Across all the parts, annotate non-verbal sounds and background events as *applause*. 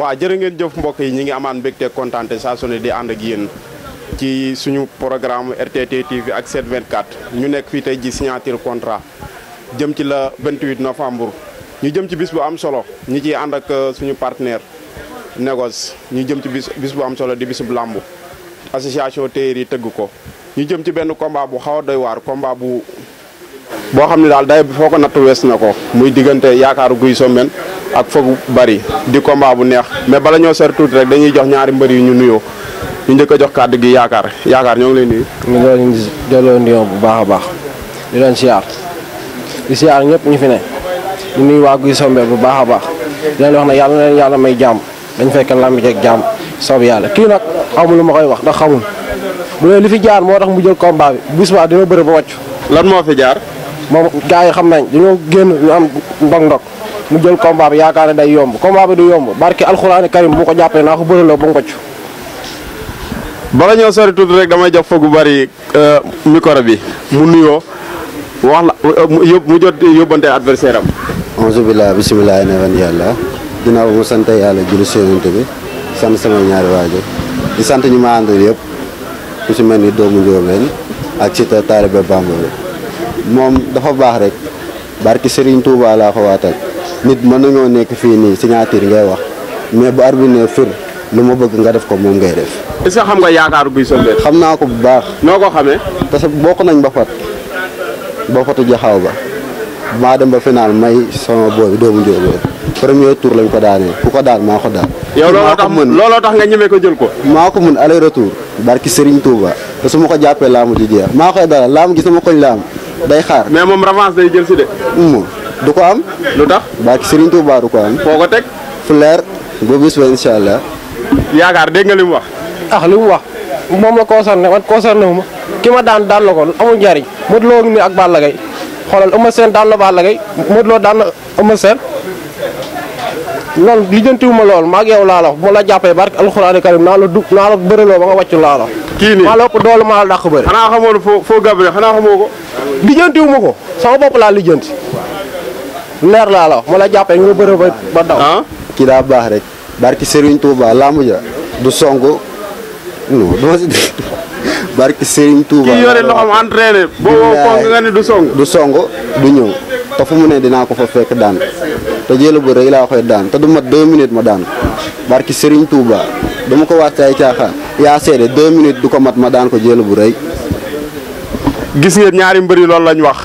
waa jërë ngeen jëf mbokk yi ñu ngi amaan mbégte kontaante saa su di ànd ak yéen ci suñu programme RTT TV ak 724 ñu nekk fii tey ji signature contrat jëm ci la 28 novembre ñu jëm ci bis bu am solo ñu ciy ànd ak euh, suñu partenaire négoce ñu jëm ci bis bis bu am solo di bu làmb association téer yi tëgg ko ñu jëm ci benn combat bu xaw a doy waar combat bu boo xam ne daal day foo ko natt wees na ko muy diggante yaakaaru guy sommen ak foog bari di combat bu neex mais bala ñoo sori tuuti rek dañuy jox ñaari mbër yi ñu nuyoo ñu njëkk a jox kàddu gi yaakaar yaakaar ñoo ngi lay nuyu. ñu ngi leen di delloo nuyoo bu baax a baax di leen siyaar di siyaar ñëpp ñu fi ne ñu nuyu waa Guy Sombe bu baax a baax di leen wax ne yàlla na yàlla may jàmm dañ fekk lamb jeeg jàmm soob yàlla kii nag xamul lu ma koy wax ndax xamul bu dee li fi jaar moo tax mu jël combat bi bis ba dina bëri ba wàcc. lan moo fi jaar. moom gars yi xam nañ dañoo génn ñu am ndog-ndog mu jël combat yaakaar na day yomb combat bi du yomb barki alxuraani karim bu ko jàppee naa ko bëraloo ba ngocc bala ñoo sori tuuti rek damay jox foog bari euh, micro bi mu nuyoo wax la euh, mu jot yóbbante adversaire am auzu billahi bismillahi ne wan yàlla ginnaaw bu mu sant yàlla julli séenante bi sant sama ñaari waajur di sant ñu ma àndal yëpp ku si mel ni doomu njóob ak ci taalibe Bamba bi moom dafa baax rek barki Serigne Touba laa ko waatal nit mën nañoo nekk fii nii signature ngay wax mais bu arbitre fir lu ma bëgg nga def ko moom ngay def. est-ce que xam nga yaakaaru buy soldé. xam naa ko bu baax. noo ko xamee. parce que bokk nañ ba fat ba fatu jaxaw ba maa dem ba final may sama booy doomu njóoboo premier tour lañ ko daanee ku ko daan maa ko daan. yow looloo tax looloo tax nga ñemee ko jël ko. maa ko mën aller retour barki Serigne Touba te su ma ko jàppee laamu ji jeex maa koy dalal laamu gi sama koñ laam day xaar. mais moom revanche day jël si de. du ko am. lu tax barki Serigne Touba du ko am. foo ko teg. fu leer bis ba incha allah. yaakaar dégg nga li mu wax. ax ah, li mu wax moom la concerné man concerné wu ma ki ma daan daan la ko amul njariñ Modou Lo ngi nii ak Balla Gaye xoolal Eumeu Sène daan la Balla Gaye Modou Lo daan la Eumeu Sène lool maa ngi yow laa la bu ma la jàppee barke alxuraani karim naa la du naa la bëreloo ba nga wàccu laa la. kii nii maa la ëpp doole maa la dàq bëri. xanaa xamoon foo foo gàbbee xanaa xamoo ko. lijjantiwu ma ko sama bopp laa lijjanti. leer laa la wax ma la jàppee nga bëre ba ba ah? kii daa baax rek. barki sëriñ Touba làmb ja du song non du ma si *laughs* barki Serigne Touba. kii yore loxoom entraîné. boo ko nga ne du song. du song du ñëw te mu ne dinaa ko fa fekk daan te jël bu rëy laa koy daan te du mat deux minutes ma daan barki Serigne Touba dama ko waat ay caaxaan. yaa seede deux minutes du ko mat ma daan ko jël bu rëy. gis ñaari mbër yi loolu lañ wax.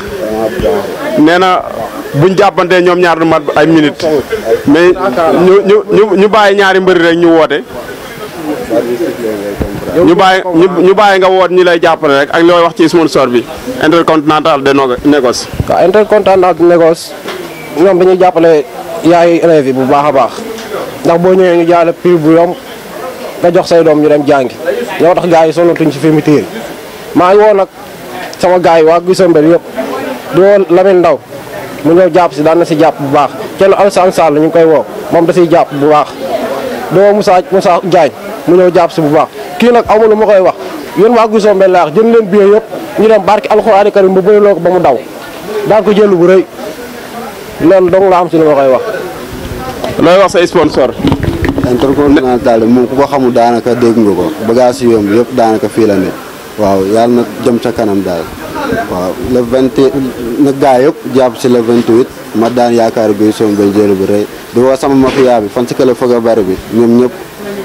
nee buñ jàppantee ñoom ñaar du mat ay minutes mais ñu ñu bàyyi ñaari mbëri rek ñu woote. ñu bàyyi ñu bàyyi nga woot ñi lay jàppale rek ak looy wax ci sponsor bi intercontinental de négoce. waaw intercontinental de négoce ñoom dañuy jàppale yaay élèves bu baax a baax ndax boo ñëwee ñu jaay la bu yomb nga jox say doom ñu dem jàngi ñoo tax gars yi sonatuñ ci fermeture yi maa ngi woo nag sama gars yi waa Guissombel yëpp di woo Lamine Ndaw mu ñëw jàpp si daan na si jàpp bu baax kenn Alassane Sall ñu ngi koy woo moom da jàpp bu baax doo Moussa Moussa Diagne mu ñëw jàpp si bu baax kii nag amul lu ma koy wax yéen waa Gousso Mbène laa wax leen billet yëpp ñu dem barki alxuraan karim ba bëriloo ko ba mu daw daan ko jël bu rëy loolu dong la am si lu ma koy wax looy wax sa sponsor intercontinental bi moom ku ko xamul daanaka dégg nga ko bagage yomb yëpp daanaka fii la waaw yàlla na jëm ca kanam daal waaw le vingt na gaa yëpp jàpp si la vingt huit ma daan yaakaar guy sombel jël bu rëy di woo sama mafia bi fan si kële foog a bari bi ñoom ñëpp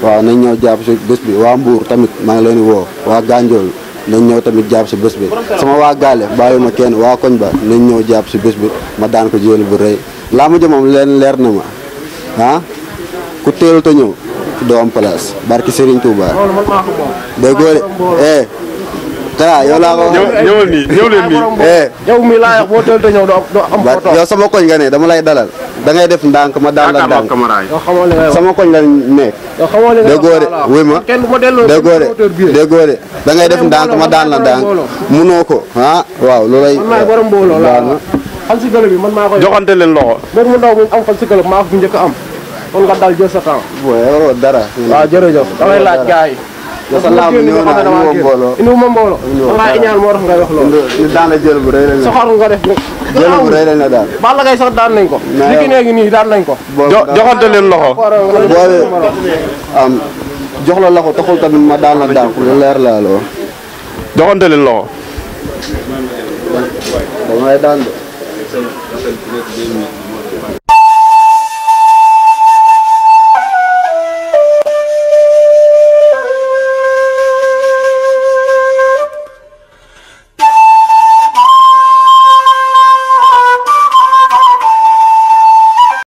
waaw nañ ñëw jàpp si bés bi waa Mbour tamit maa ngi leen di woo waa Gandiol nañ ñëw tamit jàpp si bés bi sama waa gaale bàyyuma kenn waa koñ ba nañ ñëw jàpp si bés bi ma daan ko jël bu rëy laa ma moom leen leer na ma ah ku teelu te ñëw doo am place barki Serigne Touba déggoo de dara yow laa ko. ñëwal nii ñëw leen nii. Eh. yow mi laa boo teel te ñëw doo am yow sama koñ nga ne dama lay dalal dangay def ndànk ma daan la ndànk. sama koñ la nekk. déggoo de wuy ma déggoo de déggoo de da ngay def ndànk ma daan la ndànk munoo ko ah waaw lu lay. fan si club bi man maa koy joxante leen loxo. mbir mu ndaw mi am fan njëkk am kon nga dal jël sa temps. waaw dara. waaw jërëjëf yow sa laabu ñëw naa indiwoo mbooloo indiwuma mbooloo. indiwoo waaw iñaan moo tax ngay wax loolu. ñu daan la jël nañ ko. mais yow léegi nañ ko. boobu joxante leen loxo. boole am jox la loxo taxul tamit ma daan la daan pour leer laa loo. joxante